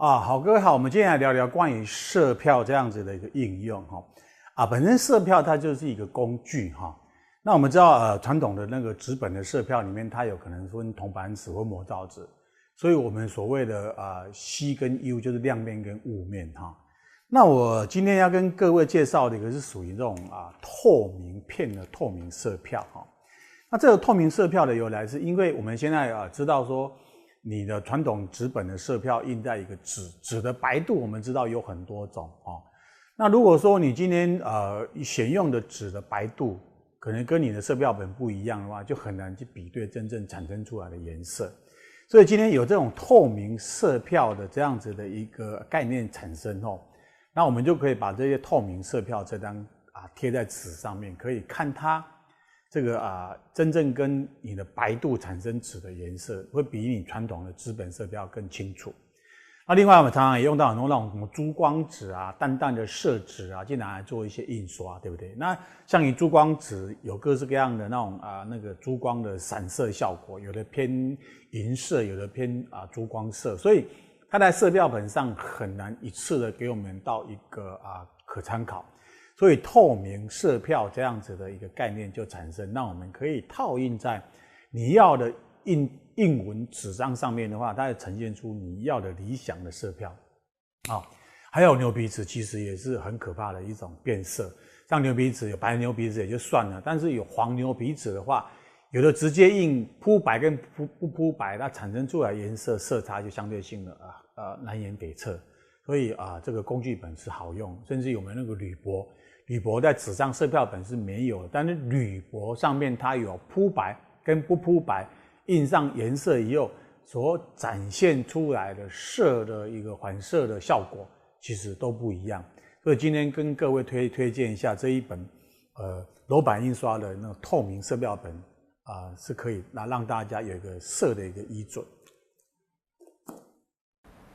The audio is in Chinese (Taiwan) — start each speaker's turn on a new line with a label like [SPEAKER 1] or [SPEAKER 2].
[SPEAKER 1] 啊，好，各位好，我們今天來聊聊關於色票這樣子的一個應用哈。啊，本身色票它就是一個工具哈、啊。那我們知道呃，傳統，啊，的那個紙本的色票裡面，它有可能分銅版紙或模造紙，所以我們所謂的啊，C 跟 U 就是亮面跟霧面哈、啊。那我今天要跟各位介紹的一個是屬於這種啊，透明片的透明色票哈、啊。那這個透明色票的由來，是因為我們現在啊，知道說。你的傳統紙本的色票印在一個紙紙的白度，我們知道有很多種啊。那如果說你今天呃選用的紙的白度可能跟你的色票本不一樣的話，就很難去比對真正產生出來的顏色。所以今天有這種透明色票的這樣子的一個概念產生後，那我們就可以把這些透明色票這張啊貼在紙上面，可以看它。這個啊，真正跟你的白度產生紙的顏色，會比你傳統的紙本色票更清楚。那另外，我們常常也用到很多那種什麼珠光紙啊、淡淡的色紙啊，拿來做一些印刷，對不對？那像你珠光紙有各式各樣的那種啊，那個珠光的散色效果，有的偏銀色，有的偏啊珠光色，所以它在色票本上很難一次的給我們到一個啊可參考。所以透明色票這樣子的一個概念就產生，那我們可以套印在你要的印印文紙張上面的話，它會呈現出你要的理想的色票。啊、哦，還有牛皮紙其實也是很可怕的一種變色，像牛皮紙有白牛皮紙也就算了，但是有黃牛皮紙的話，有的直接印鋪白跟不鋪白，它產生出來顏色色差就相對性了啊，呃，南轅北轍。所以啊、呃，這個工具本是好用，甚至有沒有那個鋁箔。鋁箔在紙上色票本是沒有的，但是鋁箔上面它有鋪白跟不鋪白，印上顏色以後所展現出來的色的一個反射的效果其實都不一樣，所以今天跟各位推推薦一下這一本，呃，樓板印刷的那透明色票本啊、呃、是可以，那讓大家有一個色的一個依準。